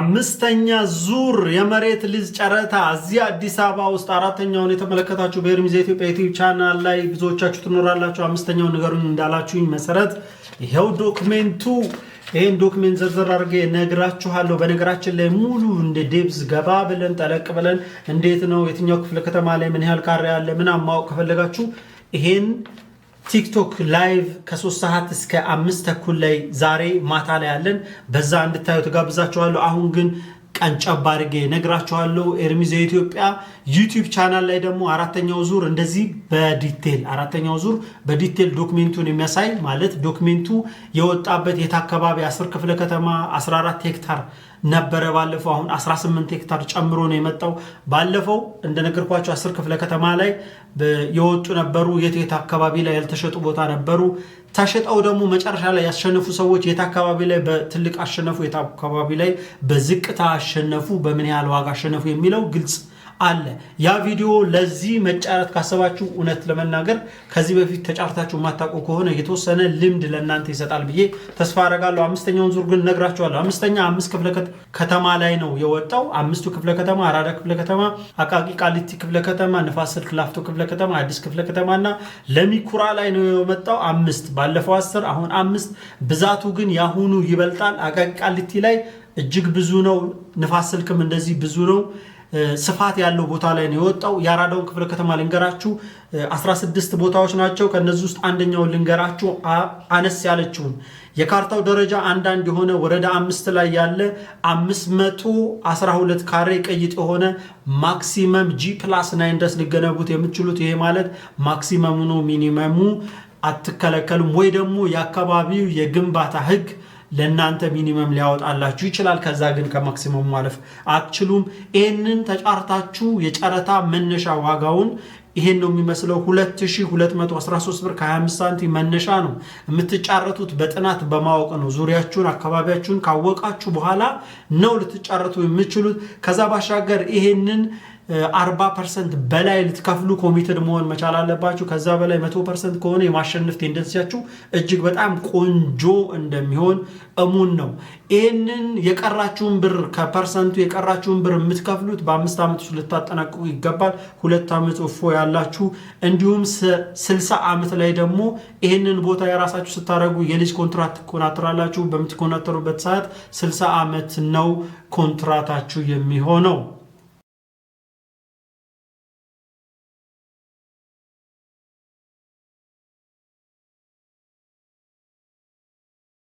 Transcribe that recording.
አምስተኛ ዙር የመሬት ሊዝ ጨረታ እዚህ አዲስ አበባ ውስጥ አራተኛውን የተመለከታችሁ በኤርሚዝ ኢትዮጵያ ዩቲዩብ ቻናል ላይ ብዙዎቻችሁ ትኖራላችሁ። አምስተኛውን ንገሩኝ እንዳላችሁኝ መሰረት ይኸው ዶክሜንቱ። ይህን ዶክሜንት ዝርዝር አድርጌ ነግራችኋለሁ። በነገራችን ላይ ሙሉ እንደ ዴብዝ ገባ ብለን ጠለቅ ብለን እንዴት ነው የትኛው ክፍለ ከተማ ላይ ምን ያህል ካሬ ያለ ምናምን ማወቅ ከፈለጋችሁ ይሄን ቲክቶክ ላይቭ ከሶስት ሰዓት እስከ አምስት ተኩል ላይ ዛሬ ማታ ላይ ያለን በዛ እንድታዩ ትጋብዛችኋለሁ። አሁን ግን ቀንጨብ አድርጌ ነግራችኋለሁ። ኤርሚዝ የኢትዮጵያ ዩቲዩብ ቻናል ላይ ደግሞ አራተኛው ዙር እንደዚህ በዲቴል አራተኛው ዙር በዲቴል ዶክሜንቱን የሚያሳይ ማለት ዶክሜንቱ የወጣበት የት አካባቢ 10 ክፍለ ከተማ 14 ሄክታር ነበረ ባለፈው። አሁን 18 ሄክታር ጨምሮ ነው የመጣው። ባለፈው እንደነገርኳቸው 10 ክፍለ ከተማ ላይ የወጡ ነበሩ። የት የት አካባቢ ላይ ያልተሸጡ ቦታ ነበሩ ተሸጠው ደግሞ መጨረሻ ላይ ያሸነፉ ሰዎች የት አካባቢ ላይ በትልቅ አሸነፉ፣ የት አካባቢ ላይ በዝቅታ አሸነፉ፣ በምን ያህል ዋጋ አሸነፉ የሚለው ግልጽ አለ። ያ ቪዲዮ ለዚህ መጫረት ካሰባችሁ እውነት ለመናገር ከዚህ በፊት ተጫርታችሁ የማታውቁ ከሆነ የተወሰነ ልምድ ለእናንተ ይሰጣል ብዬ ተስፋ አረጋለሁ። አምስተኛውን ዙር ግን ነግራችኋለሁ። አምስተኛ አምስት ክፍለ ከተማ ላይ ነው የወጣው። አምስቱ ክፍለ ከተማ አራዳ ክፍለ ከተማ፣ አቃቂ ቃሊቲ ክፍለ ከተማ፣ ንፋስ ስልክ ላፍቶ ክፍለ ከተማ፣ አዲስ ክፍለ ከተማ እና ለሚኩራ ላይ ነው የመጣው። አምስት ባለፈው አስር አሁን አምስት። ብዛቱ ግን የአሁኑ ይበልጣል። አቃቂ ቃሊቲ ላይ እጅግ ብዙ ነው። ንፋስ ስልክም እንደዚህ ብዙ ነው። ስፋት ያለው ቦታ ላይ ነው የወጣው። የአራዳውን ክፍለ ከተማ ልንገራችሁ 16 ቦታዎች ናቸው። ከነዚህ ውስጥ አንደኛውን ልንገራችሁ አነስ ያለችውን የካርታው ደረጃ አንዳንድ የሆነ ወረዳ አምስት ላይ ያለ 512 ካሬ ቀይጥ የሆነ ማክሲመም ጂ ፕላስ ናይን ድረስ ሊገነቡት የምችሉት ይሄ ማለት ማክሲመሙ ነው። ሚኒመሙ አትከለከሉም ወይ ደግሞ የአካባቢው የግንባታ ህግ ለእናንተ ሚኒመም ሊያወጣላችሁ ይችላል። ከዛ ግን ከማክሲመሙ ማለፍ አትችሉም። ይህንን ተጫርታችሁ የጨረታ መነሻ ዋጋውን ይሄን ነው የሚመስለው 2213 ብር ከ25 ሳንቲም መነሻ ነው። የምትጫረቱት በጥናት በማወቅ ነው። ዙሪያችሁን አካባቢያችሁን ካወቃችሁ በኋላ ነው ልትጫረቱ የምችሉት። ከዛ ባሻገር ይሄንን 40 ፐርሰንት በላይ ልትከፍሉ ኮሚትድ መሆን መቻል አለባችሁ። ከዛ በላይ 100 ፐርሰንት ከሆነ የማሸነፍ ቴንደንሲያችሁ እጅግ በጣም ቆንጆ እንደሚሆን እሙን ነው። ይህንን የቀራችሁን ብር ከፐርሰንቱ የቀራችሁን ብር የምትከፍሉት በአምስት ዓመት ውስጥ ልታጠናቅቁ ይገባል። ሁለት ዓመት እፎ ያላችሁ እንዲሁም 60 ዓመት ላይ ደግሞ ይህንን ቦታ የራሳችሁ ስታደርጉ የልጅ ኮንትራት ትኮናትራላችሁ። በምትኮናተሩበት ሰዓት 60 ዓመት ነው ኮንትራታችሁ የሚሆነው።